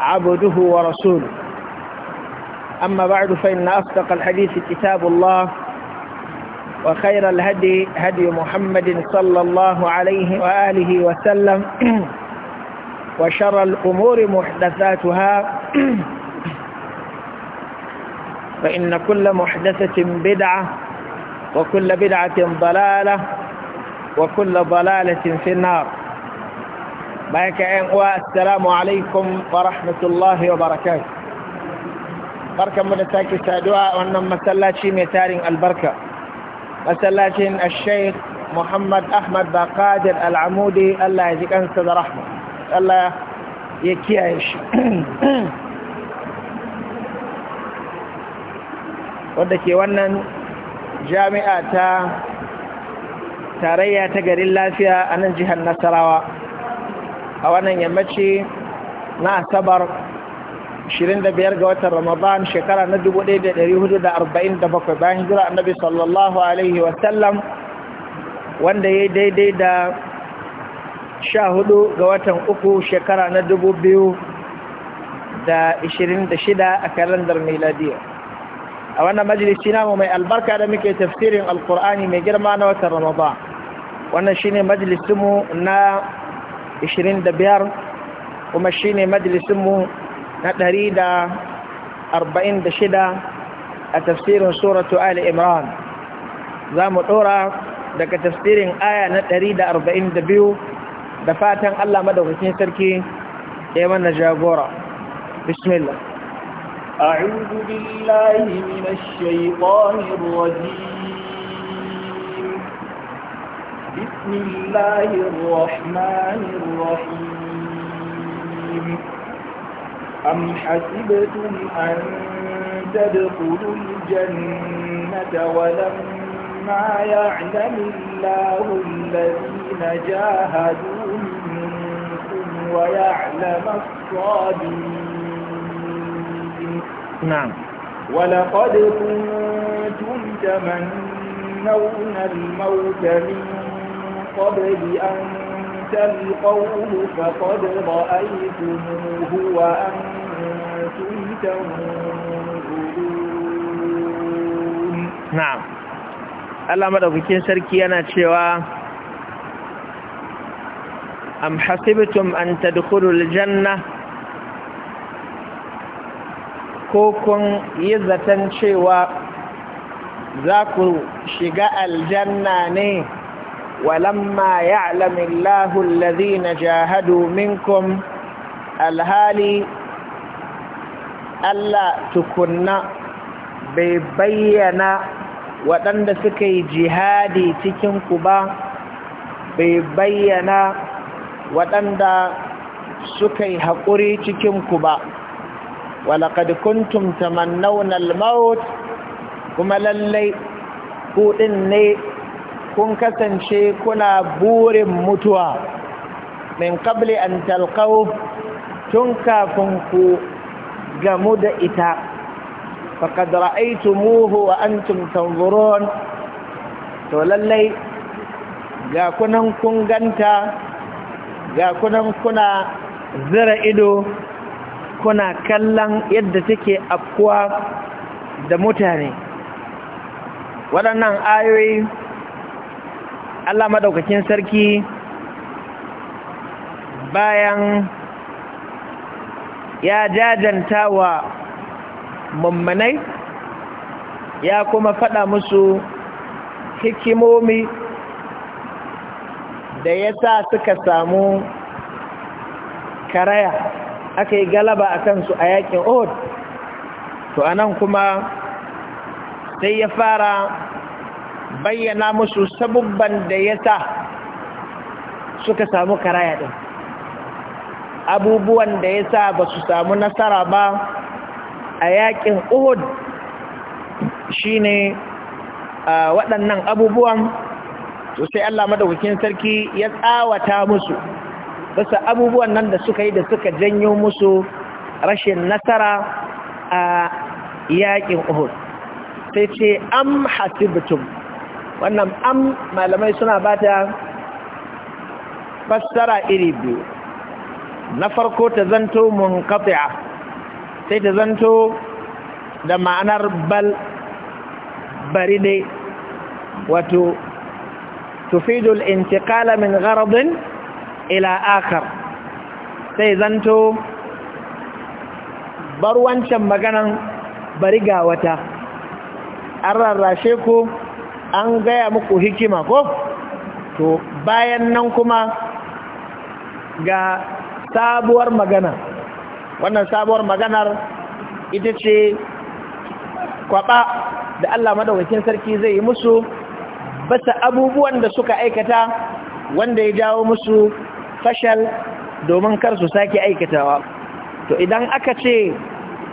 عبده ورسوله أما بعد فإن أصدق الحديث كتاب الله وخير الهدي هدي محمد صلى الله عليه وآله وسلم وشر الأمور محدثاتها فإن كل محدثة بدعة وكل بدعة ضلالة وكل ضلالة في النار bayan ka uwa assalamu alaikum wa rahmatullahi wa barakatu barkanmu da sake saduwa wannan masallaci mai tarin albarka masallacin ashaik muhammad ahmad baqadir al'amudi allah ya ji kansa da rahma allah ya kiyaye shi wadda ke wannan jami'a ta tarayya ta garin lafiya a nan jihar nasarawa a wannan yammaci na asabar 25 ga watan ramadan shekara na 1447 bayan jira annabi sallallahu alaihi wasallam wanda ya daidai da 14 ga watan uku shekara na 2026 a kalandar miladiya a wannan majalisi namu mai albarka da muke tafsirin alkur'ani mai girma na watan ramadan wannan shine majalisinmu na Ishirin da biyar, kuma shi ne majalisinmu na ɗari da da arba'in shida, a tafsirin suratu Ali Imran za mu ɗora daga tafsirin aya na ɗari da arba'in da da biyu, fatan Allah madaukakin sarki ya mana jagora bismillah أعوذ بالله من الشيطان الرجيم بسم الله الرحمن الرحيم أم حسبتم أن تدخلوا الجنة ولما يعلم الله الذين جاهدوا منكم ويعلم الصابرين نعم ولقد كنتم تمنون الموت من قبل أن تلقوه فقد رأيتموه وأنتم تنظرون نعم Allah madaukakin sarki yana cewa am hasibtum an tadkhulul janna ko kun yi zaton cewa za ku shiga aljanna ne ولما يعلم الله الذين جاهدوا منكم alhali Allah tukunna bai bayyana waɗanda suka jihadi cikinku ba bai bayyana waɗanda suka yi haƙuri cikinku ba walaƙad kuntum tamannawna al-maut kuma lallai kuɗin ne kun kasance kuna burin mutuwa min kabli an talqau tun kafin ku gamu da ita faqad ra'aytumuhu wa antum tanzurun to lallai ga kunan kun ganta ga kunan kuna zira ido kuna kallon yadda take afkuwa da mutane waɗannan ayoyi Allah madaukakin sarki bayan ya jajanta wa mummanai ya kuma faɗa musu hikimomi da ya sa suka samu karaya aka yi galaba a kansu a yakin ohud to anan kuma sai ya fara bayyana musu sabubban da ya sa suka samu karaya ɗin abubuwan da ya sa ba su samu nasara ba a yakin uhud shi ne waɗannan abubuwan to sai Allah madaukakin sarki ya tsawata musu bisa abubuwan nan da suka yi da suka janyo musu rashin nasara a yakin uhud sai ce am hasibtum wannan am malamai suna bata fassara iri biyu na farko ta zanto munqati'a sai ta zanto da ma'anar bal bari dai wato tufidu al min gharadin ila akar, sai zanto bar wancan maganan bari ga wata an rarrashe ku an gaya muku hikima ko to bayan nan kuma ga sabuwar magana wannan sabuwar maganar ita ce kwaba da Allah madaukakin sarki zai yi musu basa abubuwan da suka aikata wanda ya jawo musu fashal domin kar su sake aikatawa to idan aka ce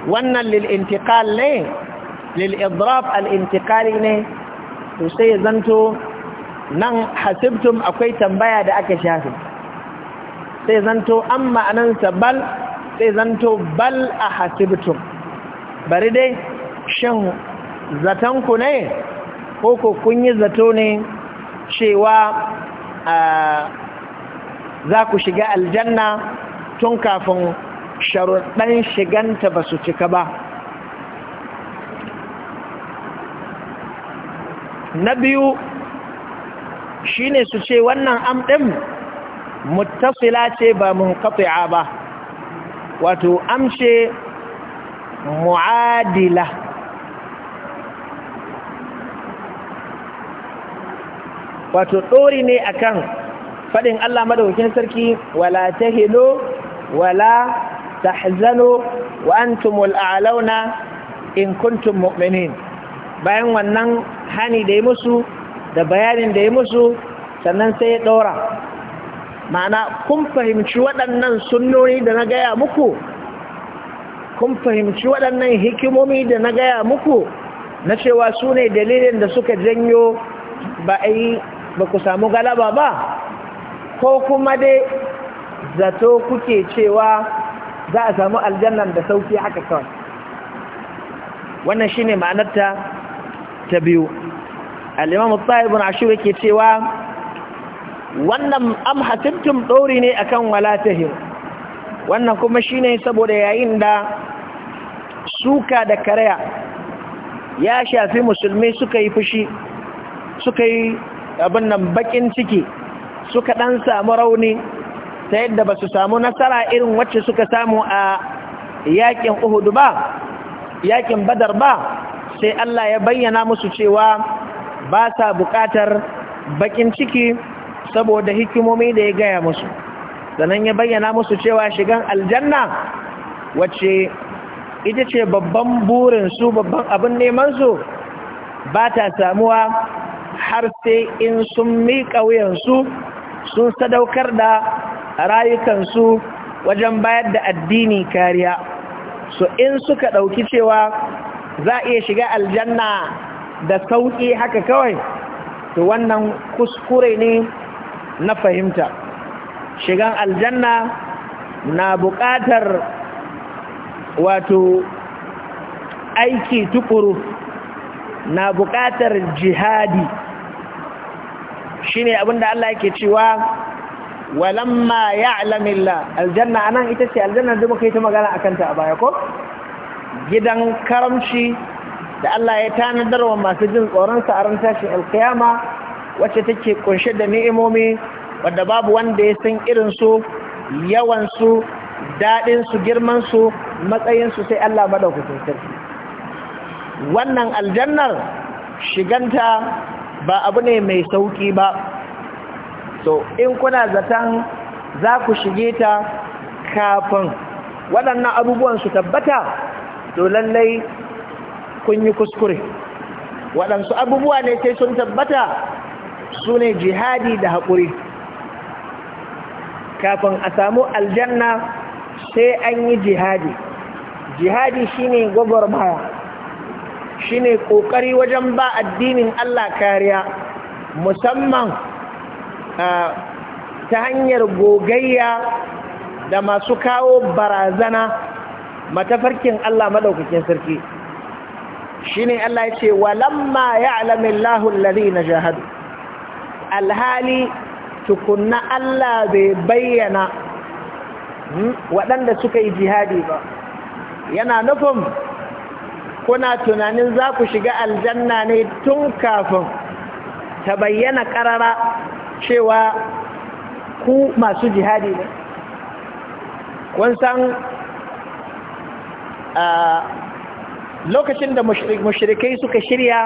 wannan lil intiqal ne al intiqal ne to sai ya zanto nan hasibtum akwai tambaya da aka shafi sai zanto an ma'anansa bal sai zanto bal a hasibtum bari dai shin zatanku ne ko ko kun yi zato ne cewa za ku shiga aljanna tun kafin sharuɗan shiganta ba su cika ba na biyu shi ne su ce wannan am ɗin mutafila ce ba A ba wato amshe mu'adila wato ɗori ne akan faɗin Allah madaukakin sarki wala ta hilo, wala ta tahzanu wa antumul a'launa in kuntun mu'minin bayan wannan hani da ya musu da bayanin da ya musu sannan sai ya ɗora ma'ana kun fahimci waɗannan sunnoni da na gaya muku kun fahimci waɗannan hikimomi da na gaya muku na cewa su ne dalilin da suka janyo ba a yi ba ku samu galaba ba ko kuma dai zato kuke cewa za a samu aljannan da sauki haka kawai wannan shine ma'anarta ta biyu al’imamu imam al ke yake cewa wannan am ɗori ɗori ne akan wala walatahir wannan kuma shi ne saboda yayin da suka da karaya ya shafi musulmi suka yi fushi suka yi abin nan bakin ciki suka ɗan samu rauni ta yadda ba su samu nasara irin wacce suka samu a yakin uhudu ba yakin badar ba sai Allah ya bayyana musu cewa ba sa buƙatar bakin ciki saboda hikimomi da ya gaya musu sannan ya bayyana musu cewa shigan aljanna wacce ita ce babban burin su babban abin nemansu ba ta samuwa har sai in sun miƙa wuyansu sun sadaukar da rayukansu wajen bayar da addini kariya so in suka ɗauki cewa za a iya shiga aljanna da sauƙi haka kawai to wannan kuskure ne na fahimta shigan aljanna na buƙatar wato aiki tukuru na buƙatar jihadi shine abinda Allah yake cewa walamma ya'lamillah aljanna anan ita ce aljanna da muka ta magana akan ta a baya ko gidan karamci da Allah ya tanadar wa masu jin tsoronsa a ran tashin alkiyama wacce take kunshe da ni'imomi wadda babu wanda ya san irin irinsu yawansu daɗinsu girmansu matsayinsu sai Allah maɗaukacin sarki wannan aljannar shiganta ba abu ne mai sauƙi ba so in kuna zaton za ku shige ta kafin waɗannan abubuwan su tabbata to lallai kun yi kuskure waɗansu abubuwa ne sai sun tabbata su ne jihadi da haƙuri kafin a samu aljanna sai an yi jihadi jihadi shine gwagwarmaya shine ƙoƙari wajen ba addinin Allah kariya musamman ta hanyar gogayya da masu kawo barazana matafarkin Allah madaukakin sarki shine Allah ya ce walamma ya'lamu Allahu alladhina jahadu alhali tukunna Allah bai bayyana hmm, waɗanda suka yi jihadi ba yana nufin kuna tunanin za ku shiga aljanna ne tun kafin ta bayyana ƙarara cewa ku masu jihadi ne kun san lokacin da mushirikai suka shirya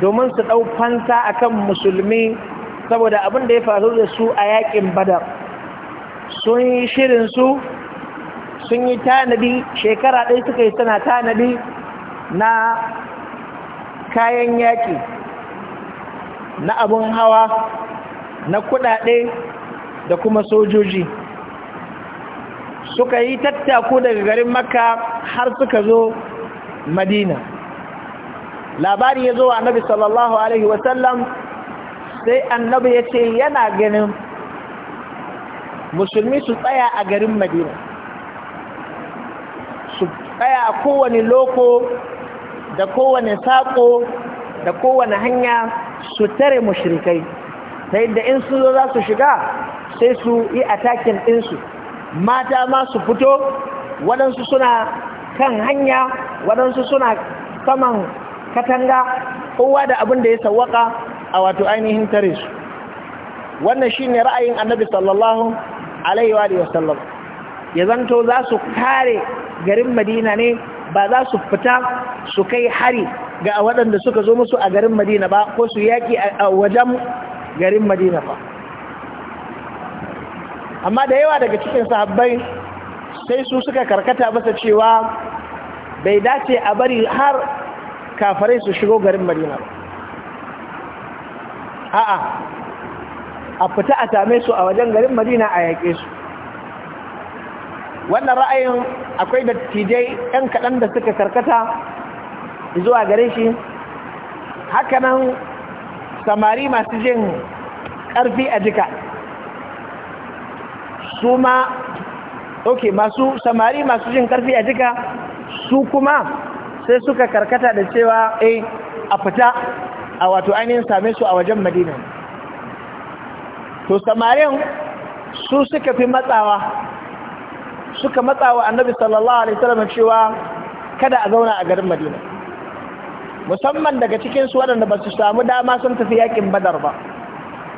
domin su ɗau fansa akan musulmi saboda abin da ya faru da su a yaƙin badar sun yi shirinsu sun yi tanadi shekara ɗaya suka yi suna tanadi na kayan yaƙi na abin hawa na kuɗaɗe da kuma sojoji suka yi tattaku daga garin makka har suka zo madina labari ya zo wa annabi sallallahu alaihi wasallam sai annabi ya ce yana ganin musulmi su tsaya a garin madina su tsaya a kowane loko da kowane saƙo da kowane hanya su tare mushrikai ta yadda in su zo za su shiga sai su yi atakin ɗinsu mata ma su fito waɗansu suna kan hanya waɗansu suna saman katanga kowa da abin da ya sawaka a wato ainihin tare su wannan ne ra'ayin annabi sallallahu alaihi wa sallam ya zanto za su kare garin madina ne ba za su fita su kai hari ga waɗanda suka zo musu a garin madina ba ko su yaƙi a wajen garin madina ba amma da yawa daga cikin sahabbai sai su suka karkata masa cewa bai dace a bari har kafarai su shigo garin madina a'a a fita a same su a wajen garin madina a yaƙe su wannan ra'ayin akwai dattijai 'yan kaɗan da suka karkata zuwa gare shi hakanan samari masu jin ƙarfi a jika su ma ok masu samari masu jin karfi a jika su kuma sai suka karkata da cewa a eh, a fita a wato ainihin same su a wajen madina to samarin su suka fi matsawa suka matsawa annabi sallallahu alaihi wasallam cewa kada a zauna a garin madina musamman daga cikin su waɗanda ba su samu dama sun tafi yakin badar ba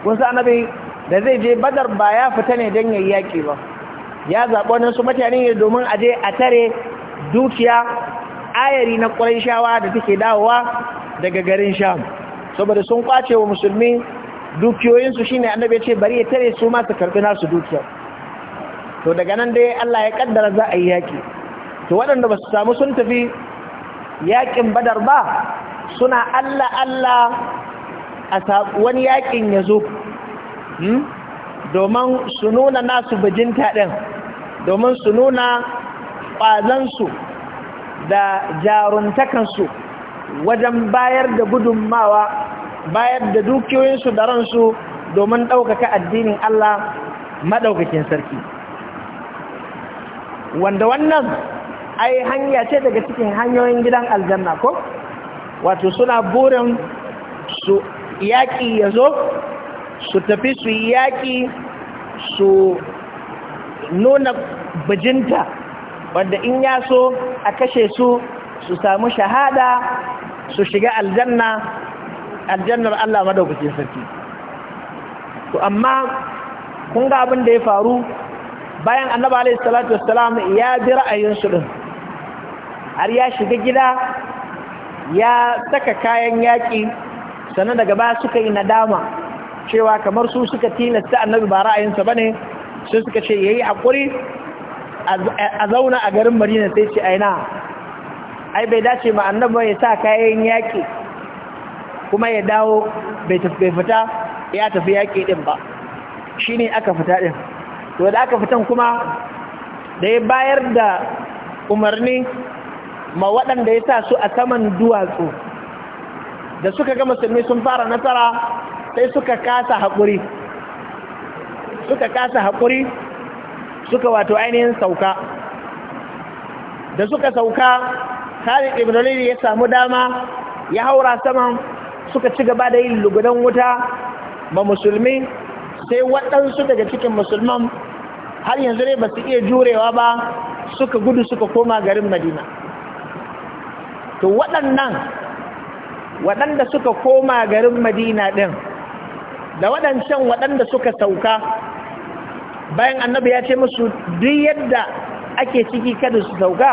kun annabi da zai je badar ba ya fita ne don yayi yaki ba ya nan su mutane ne domin a je a tare dukiya ayari na shawa da take dawowa daga garin sham saboda sun kwace wa musulmi dukiyoyinsu shi ne annabi ce bari ya tare su masu karɓi nasu dukiya. to daga nan dai Allah ya kaddara za a yi yaƙi to waɗanda ba su samu sun tafi yaƙin badar ba suna Allah Allah a wani yaƙin ya zo hmm? domin su nuna nasu bijinta ɗin domin su nuna ƙwazansu da jaruntakansu wajen bayar da gudunmawa bayar da dukiyoyinsu da ransu domin ɗaukaka addinin Allah maɗaukakin sarki wanda wannan ai hanya ce daga cikin hanyoyin gidan aljanna ko wato suna burin su yaƙi ya zo su tafi su yi yaƙi su nuna bajinta wanda in ya so a kashe su su samu shahada su shiga aljanna aljannar Allah madaukakin sarki to amma kun ga abin da ya faru bayan annabi alayhi salatu wassalam ya bi ra'ayinsu din har ya shiga gida ya saka kayan yaƙi sannan daga ba suka yi nadama cewa kamar su suka tilasta annabi ba ra'ayinsa ba ne, su suka ce yayi hakuri a zauna a garin Madina sai ce aina ai bai dace ma annabi ya sa kayan yaki kuma ya dawo bai tafi fita ya tafi yaki din ba shine aka fita din to da aka fitan kuma da ya bayar da umarni ma waɗanda ya sa su a saman duwatsu da suka ga musulmi sun fara nasara sai suka kasa haƙuri suka kasa haƙuri suka wato ainihin sauka da suka sauka khalid ibn walid ya samu dama ya haura saman suka ci gaba da yin lugudan wuta ba musulmi sai waɗansu daga cikin musulman har yanzu ne ba su iya jurewa ba suka gudu suka koma garin madina to waɗannan waɗanda suka koma garin madina ɗin da waɗancan waɗanda suka sauka bayan annabi ya ce musu duk yadda ake ciki kada su sauka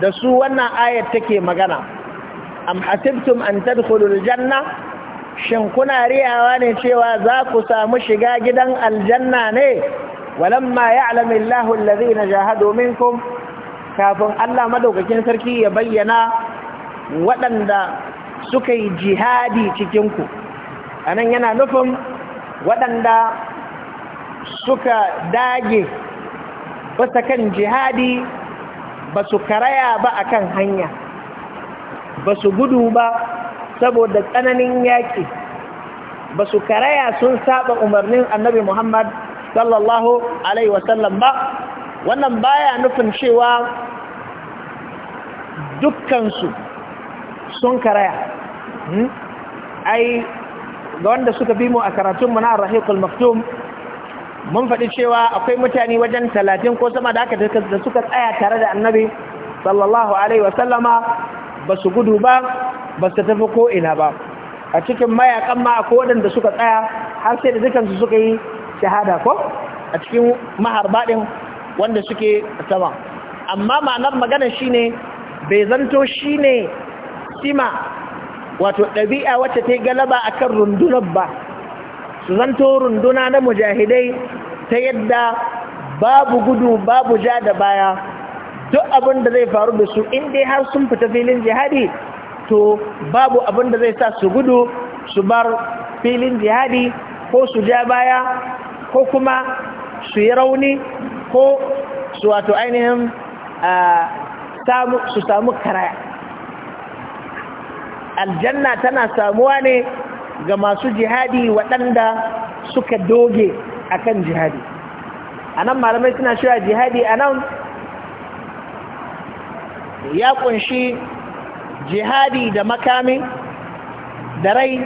da su wannan ayat take magana am hasibtum an tadkhulul Aljanna. shin kuna riyawa ne cewa za ku samu shiga gidan aljanna ne walamma ya'lamu Allahu alladhina jahadu minkum kafin Allah madaukakin sarki ya bayyana waɗanda suka yi jihadi cikinku. ku anan yana nufin waɗanda suka dage basa kan jihadi ba su karaya ba akan hanya ba su gudu ba saboda tsananin yaƙi ba su karaya sun saba umarnin annabi muhammad sallallahu alaihi wasallam ba wannan baya nufin cewa dukkansu sun karaya hmm? ai ga wanda suka bi mu a karatun mu na rahiqul maktum mun faɗi cewa akwai mutane wajen talatin ko sama da aka da suka tsaya tare da annabi sallallahu alaihi wasallama ba su gudu ba ba su tafi ko ina ba a cikin mayakan ma akwai waɗanda suka tsaya har sai da dukansu suka yi shahada ko a cikin maharbaɗin wanda suke sama amma ma'anar magana shine bai zanto shine sima wato ɗabi'a wacce ta yi galaba a kan rundunar ba su zanto runduna na mujahidai ta yadda babu gudu babu ja da baya duk abin da zai faru da su in dai har sun fita filin jihadi to babu abin da zai sa su gudu su bar filin jihadi ko su ja baya ko kuma su yi rauni ko su wato ainihin ah, su samu karaya aljanna tana samuwa ne ga masu jihadi waɗanda suka doge akan jihadi A nan malamai suna shirya jihadi a nan ya ƙunshi jihadi da makami da rai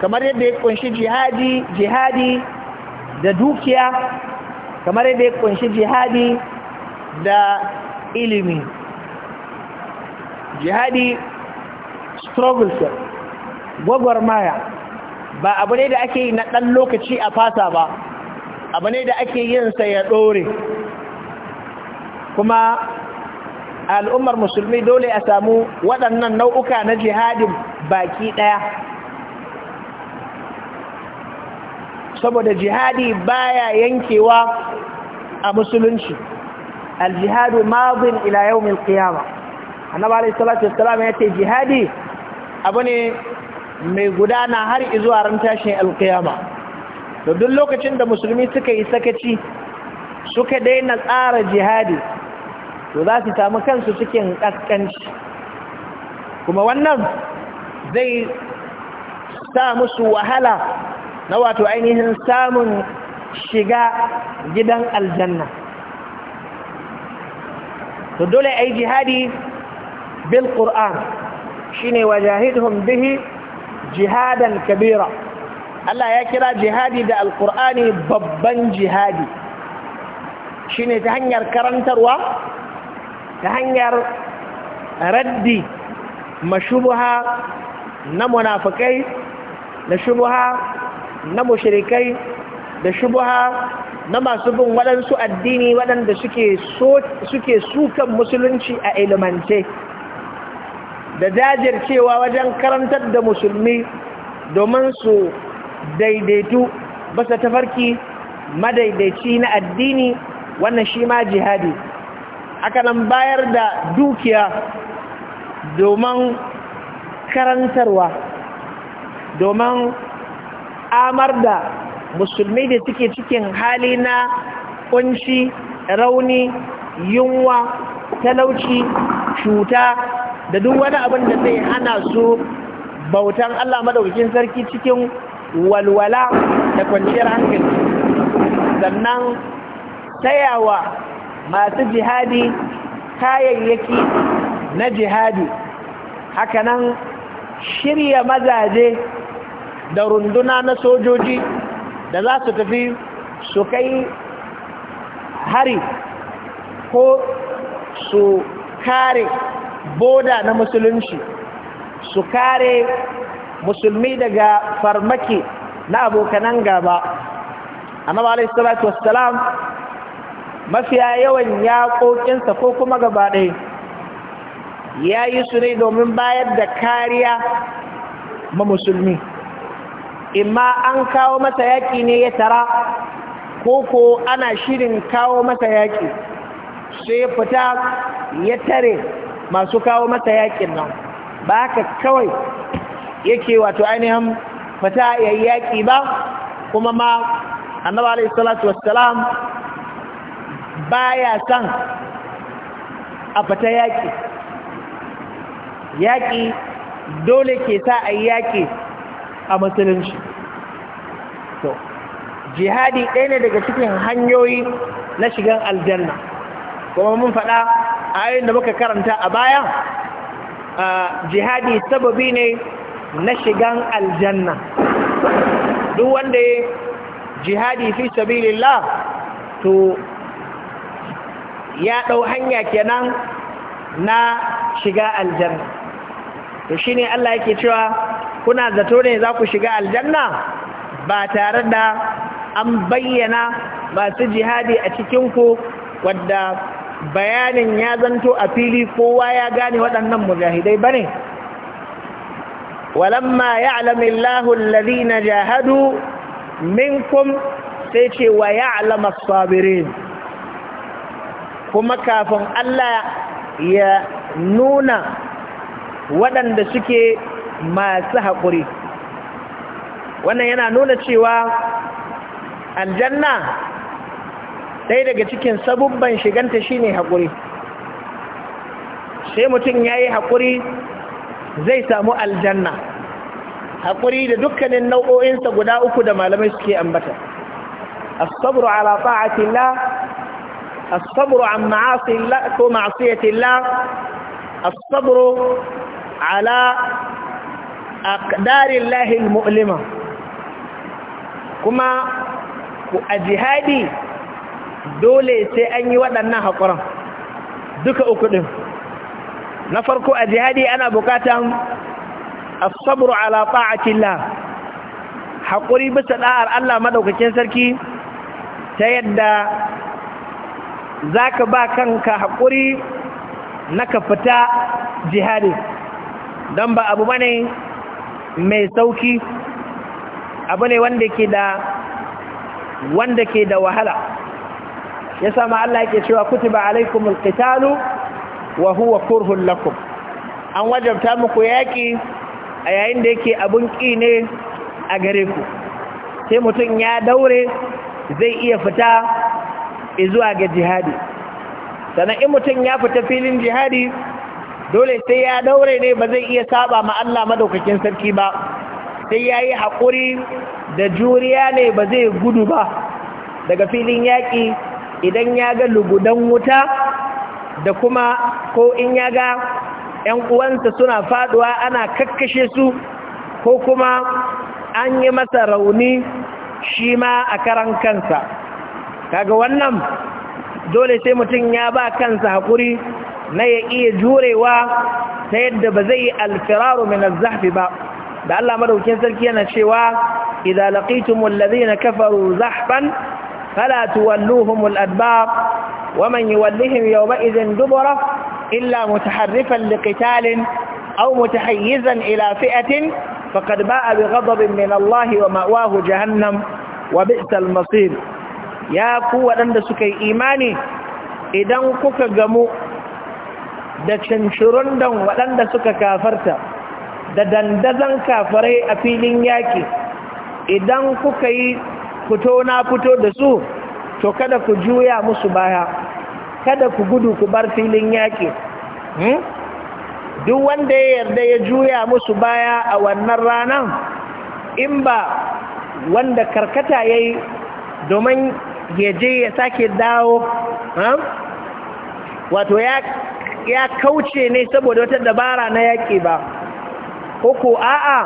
kamar yadda ya ƙunshi jihadi jihadi da dukiya kamar yadda ya ƙunshi jihadi da ilimi jihadi struggle ce maya ba abu ne da ake yi na ɗan lokaci a fata ba abu ne da ake yinsa ya ɗore kuma al'ummar musulmi dole a samu waɗannan nau'uka na jihadin baki ɗaya saboda jihadi baya yankewa a musulunci aljihadu mazin ila yawmin qiyama annabi alayhi salatu ya ce jihadi abu ne mai gudana har izuwa ran tashin alkiyama da duk lokacin da musulmi suka yi sakaci suka daina tsara jihadi to za su samu kansu cikin ƙasƙanci kuma wannan zai sa musu wahala na wato ainihin samun shiga gidan aljanna to dole a yi jihadi bil ƙur'an shine wajahidhum bihi jihadan kabira Allah ya kira jihadi da alkur'ani babban jihadi shine ta hanyar karantarwa ta hanyar raddi mashubuha na munafikai da shubuha na mushrikai da shubuha na masu bin waɗansu addini waɗanda suke sukan musulunci a ilimance da jajircewa wajen karantar da musulmi domin su daidaitu basa tafarki madaidaici na addini wannan shi ma jihadi aka nan bayar da dukiya domin karantarwa domin amar da musulmi da suke cikin hali na kunshi rauni yunwa talauci cuta da duk wani abin da zai hana su bautan Allah madaukakin sarki cikin walwala da kwanciyar hankali sannan tayawa masu jihadi kayayyaki na jihadi hakanan shirya mazaje da runduna na sojoji da za su tafi su kai hari ko su kare boda na musulunci su kare musulmi daga farmaki na abokanan gaba annabi alayhi salatu wassalam mafiya yawan yaƙoƙinsa ko kuma gaba ɗaya ya yi su ne domin bayar da kariya ma musulmi imma an kawo masa yaƙi ne ya tara ko ko ana shirin kawo masa yaƙi sai fita ya tare masu kawo masa yaƙin nan ba haka kawai yake wato ainihin fata ya yi yaƙi ba kuma ma annaba alaihi salatu wassalam ba ya san a fata yaƙi yaƙi dole ke sa a yaƙi a musulunci jihadi ɗaya ne daga cikin hanyoyi na shigan aljanna kuma mun faɗa a yayin da muka karanta a baya jihadi sababi ne na shigan aljanna duk wanda ya jihadi fi sabilillah to ya ɗau hanya kenan na shiga aljanna to shi ne Allah yake cewa kuna zato ne za ku shiga aljanna ba tare da an bayyana masu jihadi a cikinku wadda bayanin ya zanto a fili kowa ya gane waɗannan mujahidai bane walamma ya'lamu na alladhina jahadu minkum sai ce wa ya'lamu as-sabirin kuma kafin Allah ya nuna waɗanda suke masu haƙuri wannan yana nuna cewa aljanna ɗaya daga cikin sabubban shiganta shine haƙuri sai mutum ya yi haƙuri zai samu aljanna haƙuri da dukkanin nau'o'insa guda uku da malamai suke ambata asabru ala ta'ati ta'atillah asabru an ma'asi ma'asillah ko ma'asiyatillah asabru ala aqdarillahi al-mu'lima kuma ku ajihadi dole sai an yi waɗannan haƙuran duka uku ɗin na farko a jihadi ana buƙatan asabru a killa. haƙuri bisa ɗa'ar Allah maɗaukakin sarki ta yadda za ka ba kanka haƙuri na ka fita jihadi don ba abu bane mai sauki abu ne da wanda ke da wahala yasa ma Allah yake cewa kutiba alaikumul qitalu wa huwa kurhun lakum an wajabta muku yaki a yayin da yake abun ki ne a gare ku sai mutum ya daure zai iya fita zuwa ga jihadi sannan in mutum ya fita filin jihadi dole sai ya daure ne ba zai iya saba ma Allah madaukakin sarki ba sai yayi yi haƙuri da juriya ne ba zai gudu ba daga filin yaƙi idan ya ga lugudan wuta da kuma ko in ya ga ‘yan uwansa suna faduwa ana kakkashe su ko kuma an yi masa rauni shi ma a karan kansa kaga wannan dole sai mutum ya ba kansa haƙuri na ya iya jurewa ta yadda ba zai alfiraru mai nazafi ba da Allah madaukin sarki yana cewa idza laqitumul na kafaru zahfan فلا تولوهم الأدبار ومن يولهم يومئذ دبره إلا متحرفا لقتال أو متحيزا إلى فئة فقد باء بغضب من الله ومأواه جهنم وبئس المصير يا قوة عند سكي إيماني إذن كك جمو دكشن شرندن وعند سك كافرت ددندزن كافره أفيلين ياكي إذن كك fito na fito da su to kada ku juya musu baya kada ku gudu ku bar filin yaƙi hmm? duk wanda ya yarda ya juya musu baya a wannan ranar in ba wanda karkata ya yi domin ya je ya sake dawo hmm? wato ya kauce ne saboda wata dabara na yaƙi ba ko ko a'a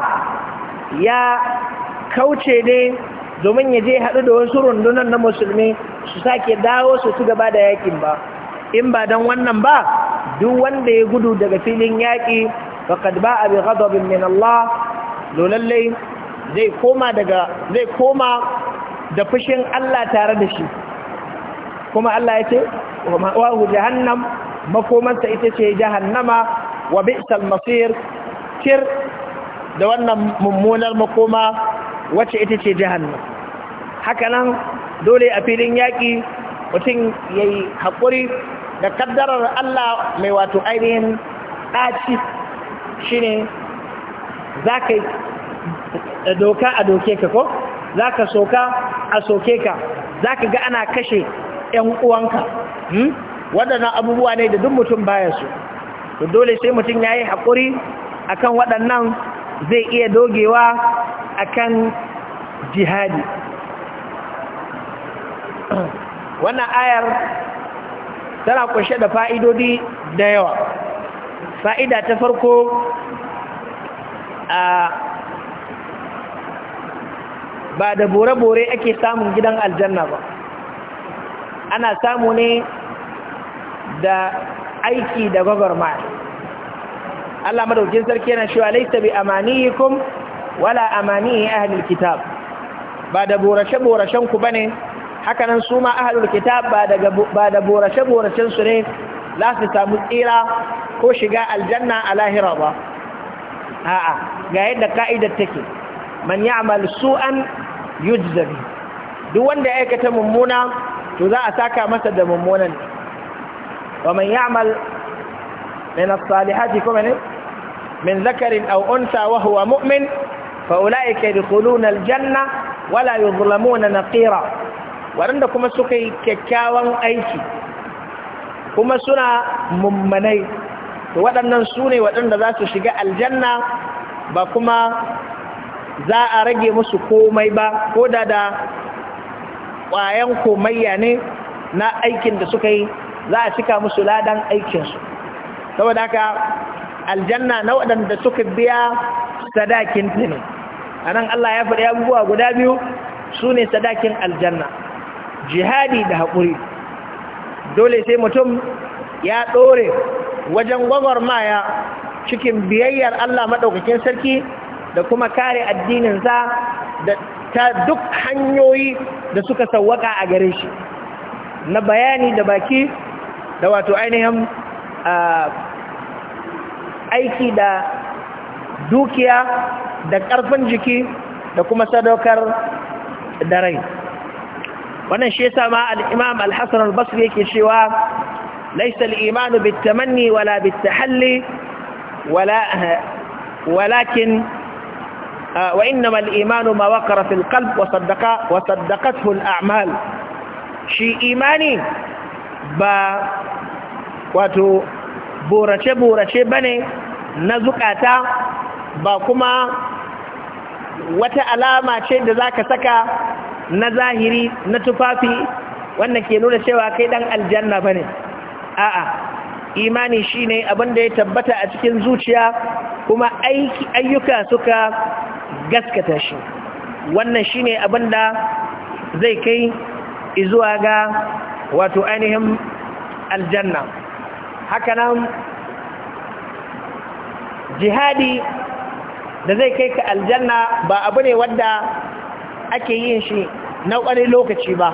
ya kauce ne domin ya je haɗu da wasu rundunar na musulmi su sake dawo su ci gaba da yakin ba in ba don wannan ba duk wanda ya gudu daga filin yaƙi faƙad ba a bi ghadabin min Allah lolallai zai koma daga zai koma da fushin Allah tare da shi kuma Allah ya ce wa ma'awahu jahannam makomansa ita ce jahannama wa bi'sal masir kir da wannan mummunar makoma wacce ita ce Haka nan dole a filin yaƙi mutum ya yi haƙuri da ƙaddarar Allah mai wato ainihin ɗaci shi ne za ka yi doka a doke ka ko za ka soka a soke ka za ka ga ana kashe ‘yan uwanka hmm? waɗannan abubuwa ne da duk mutum baya su dole sai mutum ya yi haƙuri a kan waɗannan zai iya dogewa a kan jihadi wannan ayar tana kunshe da fa'idodi da yawa fa'ida ta farko a ba da bore-bore ake samun gidan aljanna ba ana samu ne da aiki da gwagwarmaya Allah madaukin sarki yana cewa laysa bi amaniyikum wala amani ahlul kitab ba da borashe borashen ku bane haka nan su ma ahlul kitab ba daga ba da borashe borashen su ne za su samu tsira ko shiga aljanna a lahira ba a'a ga yadda ka'idar take man ya'mal su'an yujza bi duk wanda ya aikata mummuna to za a saka masa da mummunan wa man ya'mal من الصالحات كمن من mumin, أو أنثى وهو مؤمن فأولئك يدخلون الجنة ولا يظلمون نقيرا waɗanda kuma suka yi kyakkyawan aiki kuma suna mummanai waɗannan su waɗanda za su shiga aljanna ba kuma za a rage musu komai ba ko da da ƙwayan komayya ne na aikin da suka yi za a cika musu ladan aikinsu saboda haka aljanna na waɗanda suka biya sadakin ta a nan Allah ya faɗi abubuwa guda biyu su ne sadakin aljanna jihadi da haƙuri dole sai mutum ya ɗore wajen gwagwarmaya cikin biyayyar Allah maɗaukakin sarki da kuma kare addininsa da ta duk hanyoyi da suka sauwaka a gare shi na bayani da baki da wato ainihin ah, aiki da dukiya da ƙarfin jiki da kuma sadaukar da rai wannan shi yasa ma al-imam al-hasan al-basri yake cewa laysa al-iman bit-tamanni wala bit-tahalli wala walakin wa innamal iman ma waqara fil qalb wa saddaqa wa saddaqathu al-a'mal shi imani ba wato borace-borace ba ne na zukata ba kuma wata alama ce da za ka saka na zahiri na tufafi wanda ke nuna cewa kai ɗan aljanna ba ne a'a imani shi ne abinda ya tabbata a cikin zuciya kuma ayyuka suka gaskata shi wannan shi ne abinda zai kai izuwa ga wato ainihin aljanna Haka nan jihadi da zai kai ka aljanna ba abu ne wadda ake yin shi na wani lokaci ba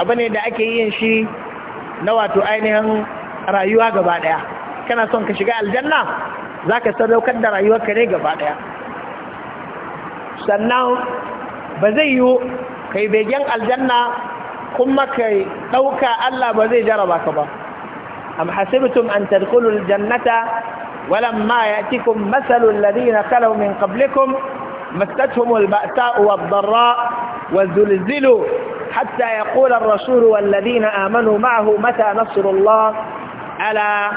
abu ne da ake yin shi na wato ainihin rayuwa gaba ɗaya. kana son ka shiga aljanna za ka sadaukar da rayuwarka ne gaba ɗaya. sannan ba zai yiwu kai begen aljanna kuma kai ɗauka allah ba zai jaraba ka ba أم حسبتم أن تدخلوا الجنة ولما يأتكم مثل الذين خلوا من قبلكم مستهم البأساء والضراء وزلزلوا حتى يقول الرسول والذين آمنوا معه متى نصر الله ألا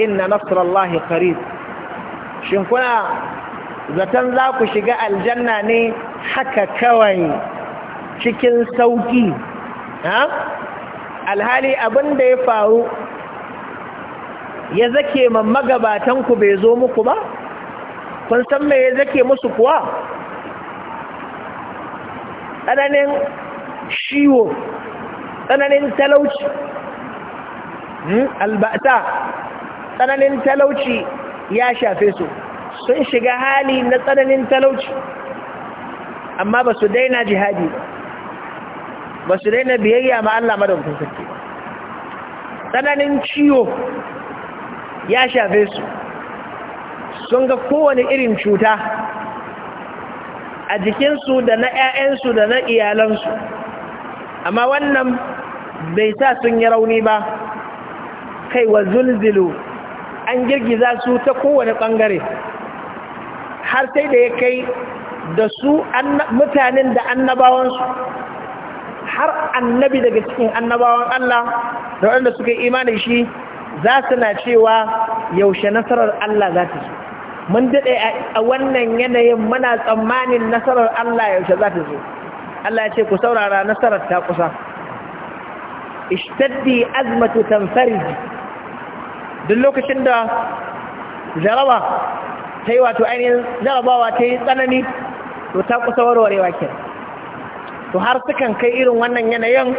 إن نصر الله قريب شنكونا إذا za شقاء الجنة aljanna ne haka kawai cikin sauki alhali abin da ya zake ma magabatanku bai zo muku ba kun san me ya zake musu kuwa tsananin shiwo tsananin talauci hmm, albata tsananin talauci ya shafe su sun shiga hali na tsananin talauci amma ba su daina jihadi ba su daina biyayya ma Allah madaukakin sarki tsananin ciwo ya shafe su sun ga kowane irin cuta a jikinsu da na 'ya'yansu da na iyalansu amma wannan bai sa sun yi rauni ba kai wa zulzulu an girgiza su ta kowane ɓangare har sai da ya kai da su mutanen da annabawansu har annabi daga cikin annabawan Allah da waɗanda suka yi imanin shi za su na cewa yaushe nasarar Allah za ta zo mun daɗe a wannan yanayin muna tsammanin nasarar Allah yaushe za ta zo Allah ya ce ku saurara nasarar ta kusa ishtaddi azmatu tanfarij duk lokacin da jaraba ta yi wato ainihin jarabawa ta yi tsanani to ta kusa warwarewa ke to har sukan kai irin wannan yanayin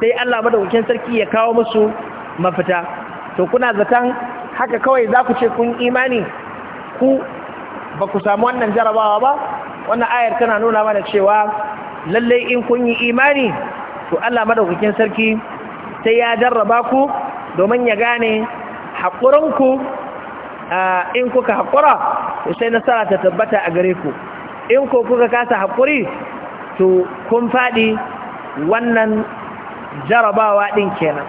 sai Allah madaukakin sarki ya kawo musu mafita to kuna zaton haka kawai za ku ce kun imani ku ba ku samu wannan jarabawa ba wannan ayar tana nuna mana cewa lallai in kun yi imani to Allah madaukakin sarki sai ya jarraba ku domin ya gane haƙurinku in kuka haƙura to sai nasara ta tabbata a gare ku in ko kuka kasa haƙuri to kun faɗi wannan jarabawa ɗin kenan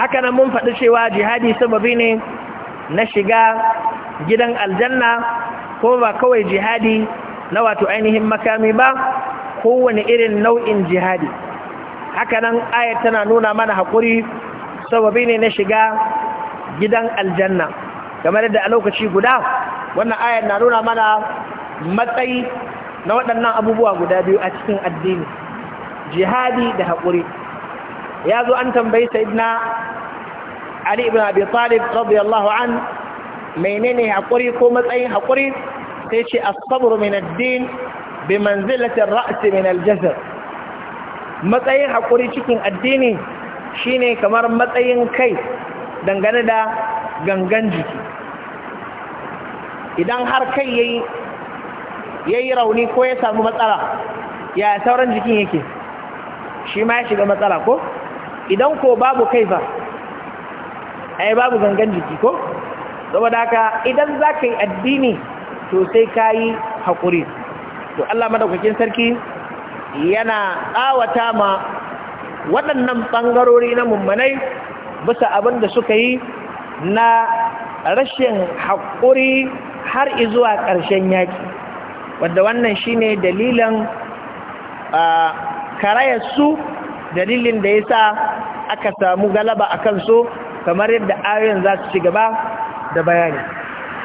haka nan mun faɗi cewa jihadi sababi ne na shiga gidan aljanna ko ba kawai jihadi na wato ainihin makami ba kowane irin nau'in jihadi haka nan ayat tana nuna mana haƙuri sababi ne na shiga gidan aljanna kamar da a lokaci guda wannan ayat na nuna mana matsayi na waɗannan abubuwa guda biyu a cikin addini jihadi da haƙuri ya zo an tambayi na ali ibn abi talib radiyallahu an menene hakuri ko matsayin hakuri sai ce as-sabr min ad-din bi manzilati ar-ra's min al-jasad matsayin hakuri cikin addini shine kamar matsayin kai dangane da gangan jiki idan har kai yayi yayi rauni ko ya samu matsala ya sauran jikin yake shi ma ya shiga matsala ko idan ko babu kai ba. ai babu gangan jiki ko saboda haka idan za yi addini to sai ka yi haƙuri to Allah madaukakin sarki yana tsawata ma waɗannan ɓangarori na mummanai bisa abin da suka yi na rashin haƙuri har izuwa ƙarshen yaƙi wadda wannan shine dalilan su dalilin da ya sa aka samu galaba a kansu kamar yadda ayoyin za su ci gaba da bayani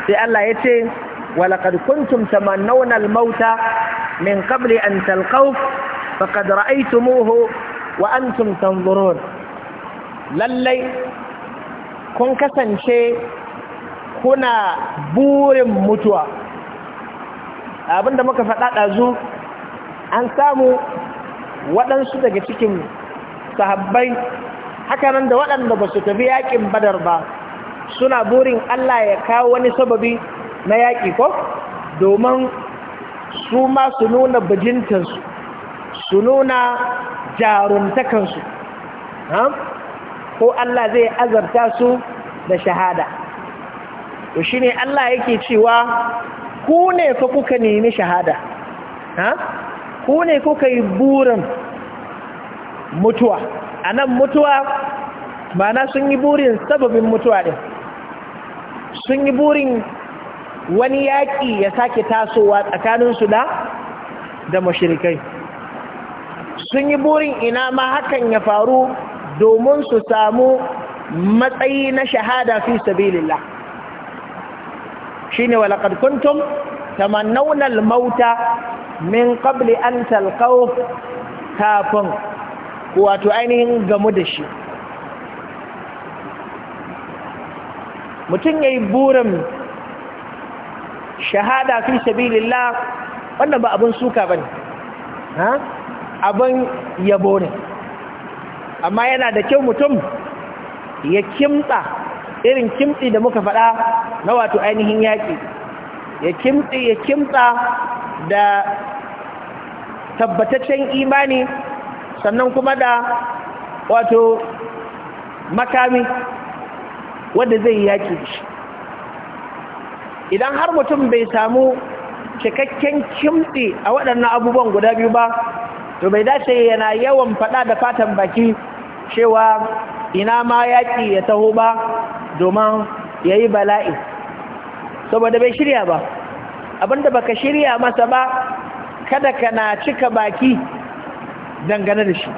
sai Allah ya ce walaƙad kuntum tamannawna al-mauta min qabli an talqaw faqad ra'aytumuhu wa antum tanzurun lallai kun kasance kuna burin mutuwa abinda muka faɗa ɗazu an samu waɗansu daga cikin sahabbai haka nan da waɗanda ba su tafi yaƙin badar ba suna burin Allah ya kawo wani sababi na yaƙi ko domin su ma su nuna bajintansu su nuna jarumtakansu ko Allah zai azarta su da shahada to shi ne Allah yake cewa ku ne fa kuka nemi shahada ku ne kuka yi burin mutuwa a nan mutuwa mana sun yi burin sababin mutuwa ɗin sun yi burin wani yaƙi ya sake tasowa tsakaninsu da da mashirikai sun yi burin ina ma hakan ya faru domin su samu matsayi na shahada fi sabilillah shine walaqad kuntum tamannawna al-mauta min qabli an talqaw kafin wato ainihin gamu da shi mutum ya yi burin shahada fi sabilillah wannan ba abin suka ba ne abin yabo ne amma yana da kyau mutum ya kimtsa irin kimtsi da muka faɗa na wato ainihin yaƙi ya kimta da tabbataccen imani sannan kuma da wato makami wanda zai yaki shi idan har mutum bai samu cikakken kimɗi a waɗannan abubuwan guda biyu ba to bai dace yana yawan faɗa da fatan baki cewa ina ma yaƙi ya taho ba domin ya yi bala'i saboda bai shirya ba abinda baka shirya masa ba kada kana cika baki dangane da shi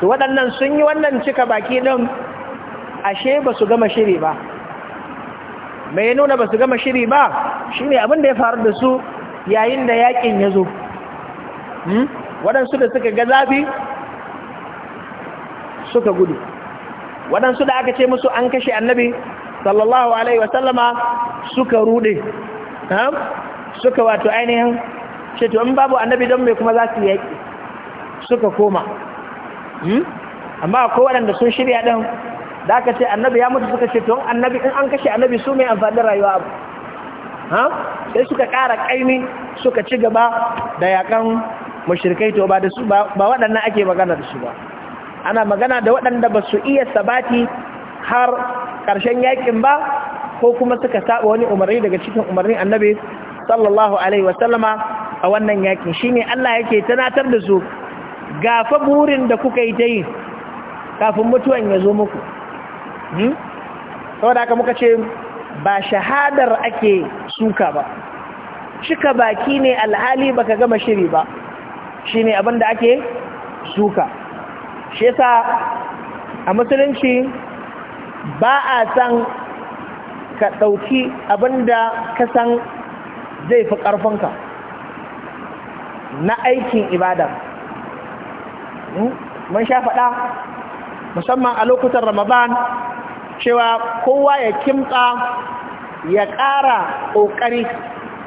to waɗannan sun yi wannan cika baki ɗin ashe ba su gama shiri ba mai nuna ba su gama shiri ba shi ne abinda ya faru da su yayin da yakin ya zo hmm? waɗansu da suka ga zafi suka gudu waɗansu da aka ce musu an kashe annabi sallallahu alaihi wasallama suka rude suka wato ainihin ce to in babu annabi don mai kuma za su yaƙi suka koma hmm? amma akwai waɗanda sun shirya ɗin da aka ce annabi ya mutu suka ce to annabi in an kashe annabi su mai amfani rayuwa abu sai suka ƙara ƙaimi suka ci gaba da yakan mashirkai to ba da su ba waɗannan ake magana da su ba ana magana da waɗanda ba su iya sabati har ƙarshen yakin ba ko kuma suka saba wani umarni daga cikin umarnin annabi sallallahu alaihi wasallama a wannan yakin shine Allah yake tunatar da su gafa burin da kuka yi ta yi kafin mutuwan ya zo muku hmm? saboda haka muka ce ba shahadar ake suka ba cika baki ne alhali baka gama shiri ba shine abin da ake suka shi yasa a musulunci ba a san ka ɗauki abinda da ka san zai fi ƙarfinka na aikin ibada Hmm? mun sha faɗa musamman a lokutan ramadan cewa kowa ya kimta ya ƙara ƙoƙari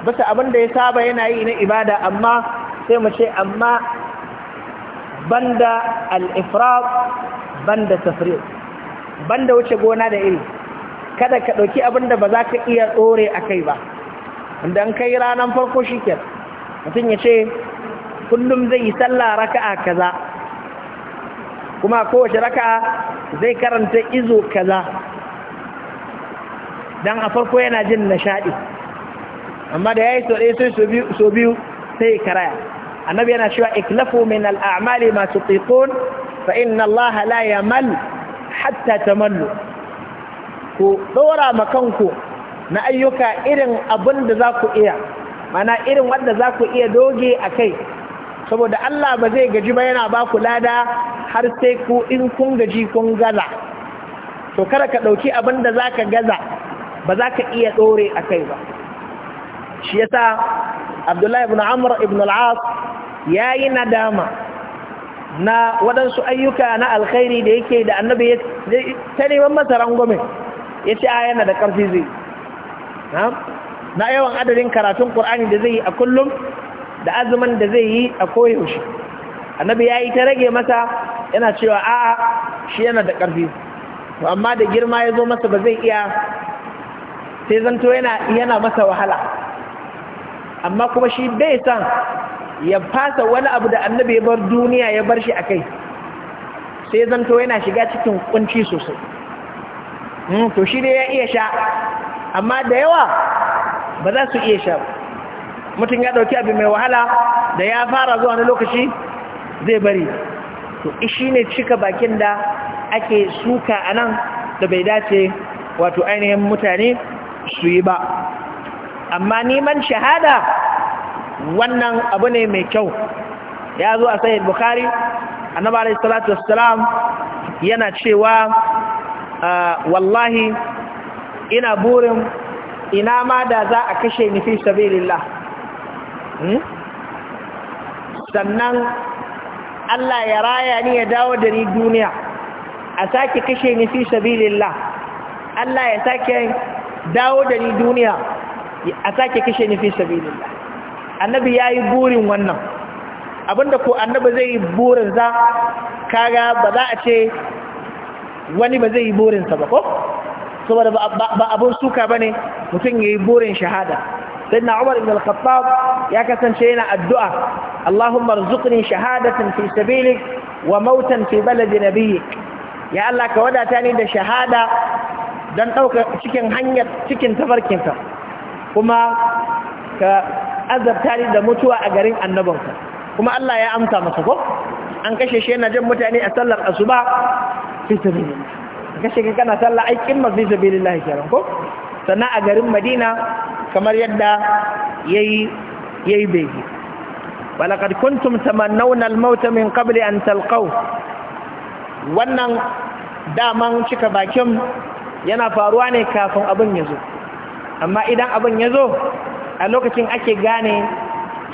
bisa abin da ya saba yana yi na ibada amma sai mu ce amma banda al'ifrab banda tafriyo banda wuce gona da iri kada ka ɗauki abin da ba za ka iya tsore a kai ba don kai ranar farko shi mutum ya ce kullum zai yi sallah raka'a kaza kuma kowace raka'a zai karanta izo kaza dan a farko yana jin nishadi amma da yayi so ɗaya sai so biyu sai karaya annabi yana cewa iklafu min al'amali ma tutiqun fa inna allaha la yamal hatta tamallu ku dora makanku na ayyuka irin abin da za ku iya mana irin wanda za ku iya doge a kai saboda Allah ba zai gaji ba yana ba ku lada har sai ku in kun gaji kun gaza to kada ka ɗauki abin da zaka gaza ba za ka iya dore a kai ba shi yasa abdullahi ibn amr ibn al ya yi nadama na waɗansu ayyuka na alkhairi da yake da annabi ta neman masa rangwame ya ce a yana da ƙarfi zai na yawan adadin karatun ƙur'ani da zai yi a kullum da azumin da zai yi a koyaushe annabi ya yi ta rage masa yana cewa a'a shi yana da ƙarfi amma da girma ya zo masa ba zai iya sai zanto yana masa wahala amma kuma shi bai san ya fasa wani abu da annabi ya bar duniya ya bar shi a kai sai zanto yana shiga cikin kunci sosai hmm, to shi ne ya iya sha amma da yawa ba za su iya sha ba mutum ya ɗauki abu mai wahala da ya fara zuwa na lokaci zai bari to shi ne cika bakin da ake suka a nan da bai dace wato ainihin mutane su yi ba amma neman shahada wannan abu ne mai kyau ya zo a sayi bukari annaba alaihi salatu wassalam yana cewa ah, wallahi ina burin ina ma da za a kashe Nufi fi sabilillah Hmm? sannan Allah ya raya ni ya dawo da ni duniya a sake kashe ni fi sabilillah Allah ya sake dawo da ni duniya a sake kashe ni fi sabilillah annabi yayi burin wannan abinda ko annabi zai yi burin za kaga ba za a ce wani ba zai yi burin sa ba ko saboda ba abun suka bane mutum yayi burin shahada sayyidina Umar ibn ya kasance yana addu'a Allahumma arzuqni shahadatan fi sabilik wa mautan fi baladi nabiyyik ya Allah ka wadata ni da shahada don ɗauka cikin hanyar cikin tafarkinka kuma ka azabta da mutuwa a garin annabinka kuma Allah ya amsa masa ko an kashe shi yana jan mutane a sallar asuba fi sabilillah kashe ka kana ko a garin Madina kamar yadda ya yi bege walaqad kuntum tamannawna al-mauta min qabli an talqaw wannan daman cika bakin yana faruwa ne kafin abin ya zo amma idan abin ya zo a lokacin ake gane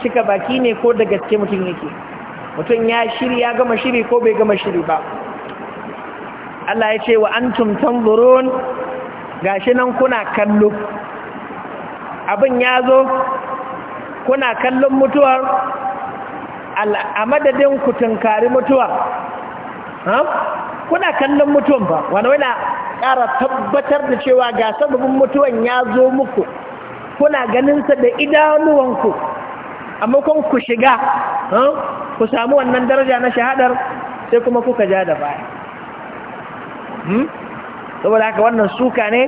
cika baki ne ko da gaske mutum yake mutum ya shiri ya gama shiri ko bai gama shiri ba Allah ya ce wa antum tanzurun gashi nan kuna kallo abin ya zo kuna kallon mutuwar a madadin ku tunkari mutuwa kuna kallon mutuwan ba wani wani ƙara tabbatar da cewa ga sababin mutuwan ya zo muku kuna ganinsa da idanuwanku amma makon ku shiga ku samu wannan daraja na shahadar sai kuma kuka ja da baya hmm? saboda haka wannan suka ne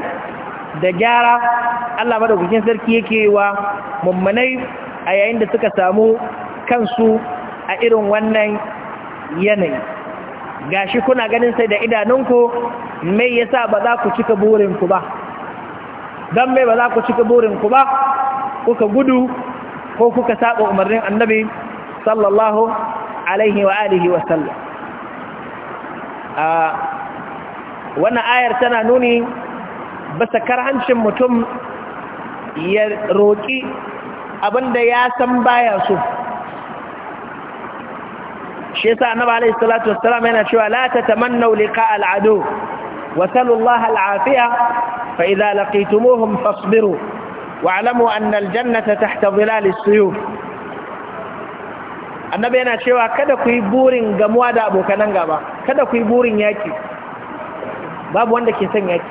da gyara Allah madaukakin sarki yake wa mummunai a yayin da suka samu kansu a irin wannan yanayi gashi kuna ganin sai da idanunku mai yasa ba za ku cika burinku ba don mai ba za ku cika burinku ba kuka gudu ko kuka saba umarnin annabi sallallahu alaihi wa alihi wa sallam ah, wannan ayar tana nuni basa karhancin mutum ya roƙi abinda ya san baya so shi yasa annabi alayhi salatu wassalam yana cewa la tatamannu liqa al'adu wa salu Allah al'afiya fa idza laqitumuhum fasbiru wa'lamu anna al-jannata tahta dhilal as-suyuf annabi yana cewa kada ku yi burin gamuwa da abokanan gaba kada ku yi burin yaki babu wanda ke son yaki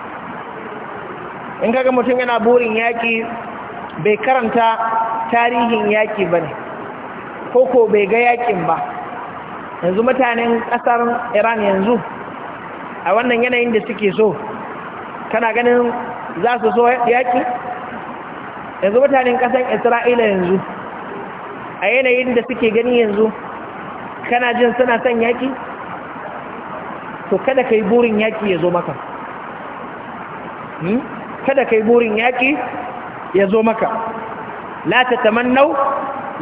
in kaga mutum yana burin yaƙi bai karanta tarihin yaƙi ba ne koko bai ga yaƙin ba yanzu mutanen ƙasar iran yanzu a wannan yanayin da suke so kana ganin za su so yaƙi yanzu mutanen ƙasar isra'ila yanzu a yanayin da suke gani yanzu kana jin suna son yaƙi to kada ka yi burin yaƙi ya zo maka hmm? kada kai burin yaƙi ya zo maka la ta tamannau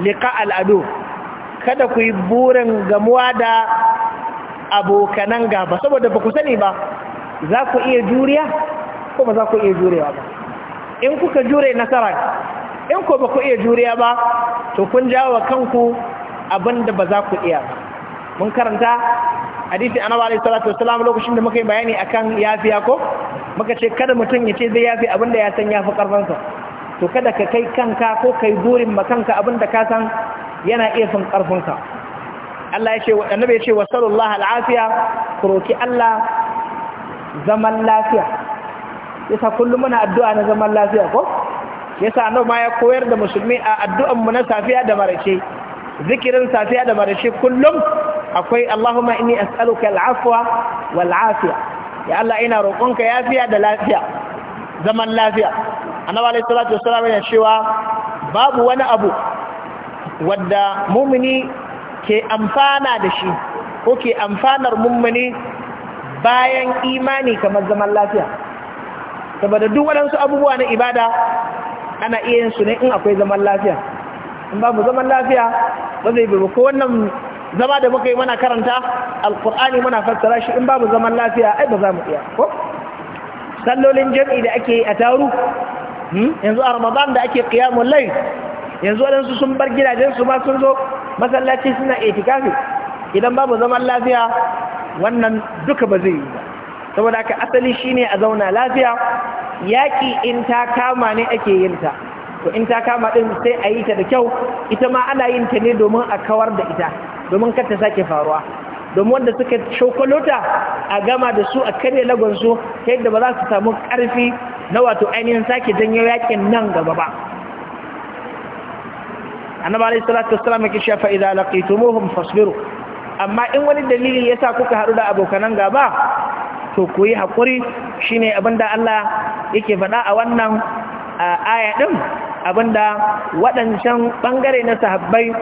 liqa al'adu kada ku yi burin gamuwa da abokanan gaba saboda ba ku sani ba za ku iya juriya ko ba za ku iya jurewa ba in kuka jure nasara in ko ba ku iya juriya ba to kun jawo kanku abin da ba za ku iya ba mun karanta hadisi annabi alaihi salatu wassalam lokacin da muka yi bayani akan yafiya ko muka ce kada mutum ya ce zai yafi abinda ya san yafi karfin sa to kada ka kai kanka ko kai burin ma kanka abinda ka san yana iya fin karfin ka Allah ya ce annabi ya ce wasallallahu alafiya ku Allah zaman lafiya yasa kullum muna addu'a na zaman lafiya ko yasa annabi ma ya koyar da musulmi a addu'an mu na safiya da maraice zikirin safiya da marashi kullum akwai Allahumma inni as'aluka al'afwa wal afiya ya Allah ina roƙonka yafiya da lafiya zaman lafiya annabi alayhi salatu wassalam yana cewa babu wani abu wanda mumini ke amfana da shi ko amfanar mumini bayan imani kamar zaman lafiya saboda duk waɗansu abubuwa na ibada ana iya yin su ne in akwai zaman lafiya in babu zaman lafiya ba zai bai ko wannan zama da muka yi mana karanta alkur'ani muna fassara shi in babu zaman lafiya ai ba za mu iya ko sallolin jam'i da ake a taru hmm? yanzu a ramadan da ake qiyamul lai yanzu waɗansu sun bar gidajen su ma sun zo masallaci suna itikafi idan babu zaman lafiya wannan duka ba zai yi ba saboda haka asali shine a zauna lafiya yaki in ta kama ne ake yin ta to in ta kama ɗin sai a yi ta da kyau ita ma ana yin ta ne domin a kawar da ita domin kar ta sake faruwa domin wanda suka shokolota a gama da su a karya lagonsu ta yadda ba za su samu karfi na wato ainihin sake janyo yakin nan gaba ba annaba alayhi salatu wassalam yake shafa idza laqitumuhum fasbiru amma in wani dalili yasa kuka haɗu da abokanan gaba to ku yi haƙuri shine da Allah yake faɗa a wannan aya din abinda waɗancan ɓangare na sahabbai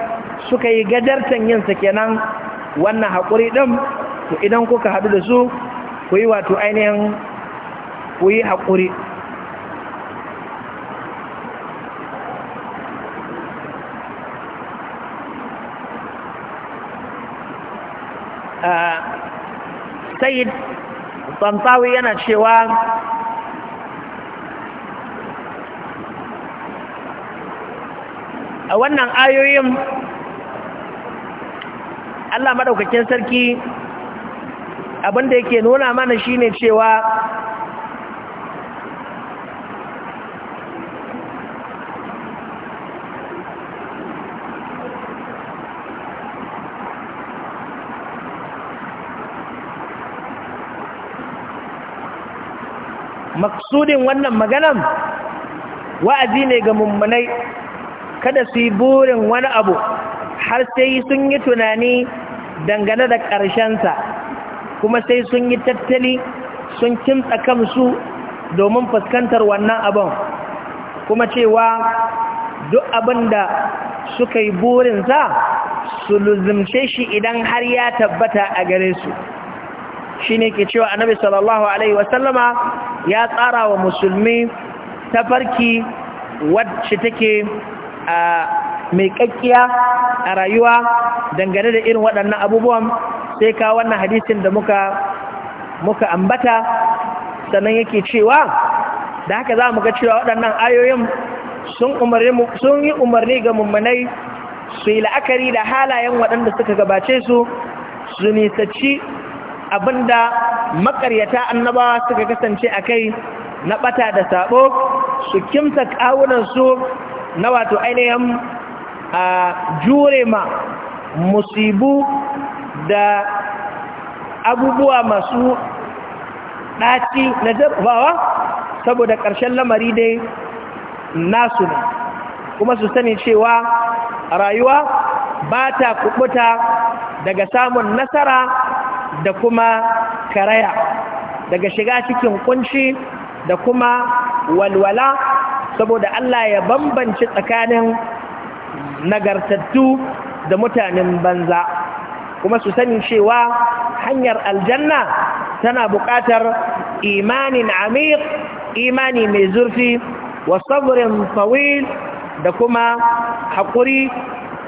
suka yi gadartan yinsa kenan wannan haƙuri ɗin idan kuka haɗu da su ku yi wato ainihin ku yi haƙuri ah, sayid tsantawi yana cewa a wannan ayoyin Allah maɗaukakin sarki abinda yake nuna mana shine cewa maksudin wannan maganan wa'azi ne ga mummunai kada su yi burin wani abu har sai sun yi tunani dangane da ƙarshensa kuma sai sun yi tattali sun kimtsa kansu domin fuskantar wannan abin kuma cewa duk abin da suka yi burinsa su luzumce shi idan har ya tabbata a gare su shi ne ke cewa annabi sallallahu alaihi wasallama ya tsara wa musulmi tafarki wacce take mai kakkiya a rayuwa dangane da irin waɗannan abubuwan sai ka wannan hadisin da muka ambata sannan yake cewa da haka za mu ga cewa waɗannan ayoyin sun yi umarni ga mummanai su yi la'akari da halayen waɗanda suka gabace su su nisaci abinda makaryata annabawa suka kasance a kai na ɓata da sabo su kimta ƙawunansu. na wato ainihin a jure ma musibu da abubuwa masu ɗaci na jarbawa saboda ƙarshen lamari dai nasu ne kuma su sani cewa rayuwa ba ta kubuta daga samun nasara da kuma karaya daga shiga cikin kunci da kuma walwala saboda Allah ya bambanci tsakanin nagartattu da mutanen banza kuma su sani cewa hanyar aljanna tana buƙatar imanin amir imani mai zurfi wa sabrin fawil da kuma haƙuri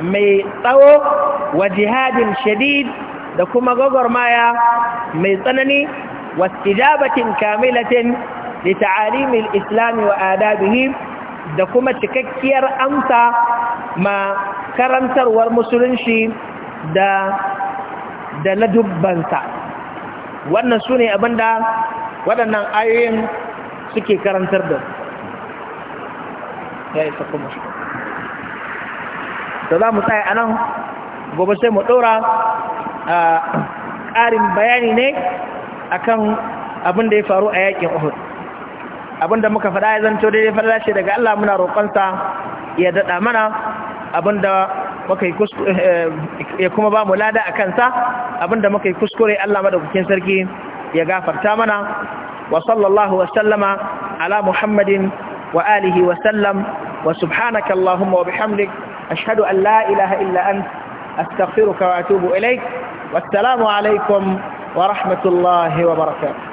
mai tsawo wa jihadin shadid da kuma gagarmaya mai tsanani wasu ijabatin kamilatin li ta'alimil islami wa adabihi da kuma cikakkiyar amsa ma karantarwar musulunci da da ladubbansa wannan su ne abinda waɗannan ayoyin suke karantar da ya isa kuma za mu tsaya anan, nan gobe sai mu ɗora a ƙarin bayani ne akan abin da ya faru a yakin Uhud abinda muka faɗa ya zanto daidai falla shi daga Allah muna roƙonsa ya daɗa mana abinda muka yi eh, eh, ya kuma ba mu lada a kansa abinda muka yi kuskure Allah madaukakin sarki ya gafarta mana wa sallallahu wa sallama ala muhammadin wa alihi wa sallam wa subhanaka allahumma wa bihamdik ashhadu an la ilaha illa ant astaghfiruka wa atubu ilaik wassalamu alaikum wa rahmatullahi wa barakatuh